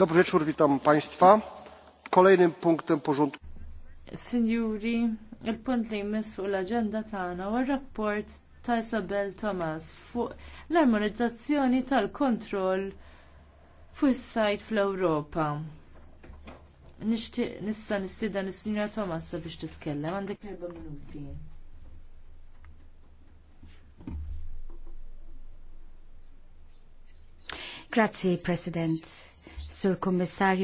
Dobry wieczór, witam Państwa. Kolejnym punktem porządku. Signori, il-punt li jmiss fuq l-agenda tagħna u rapport ta' Isabel Thomas fuq l-armonizzazzjoni tal-kontroll fuq is-sajt fl-Ewropa. Nixtieq nissa nistieden is signora Thomas biex titkellem għandek erba' minuti. Grazzi, President. Sur Kummissarju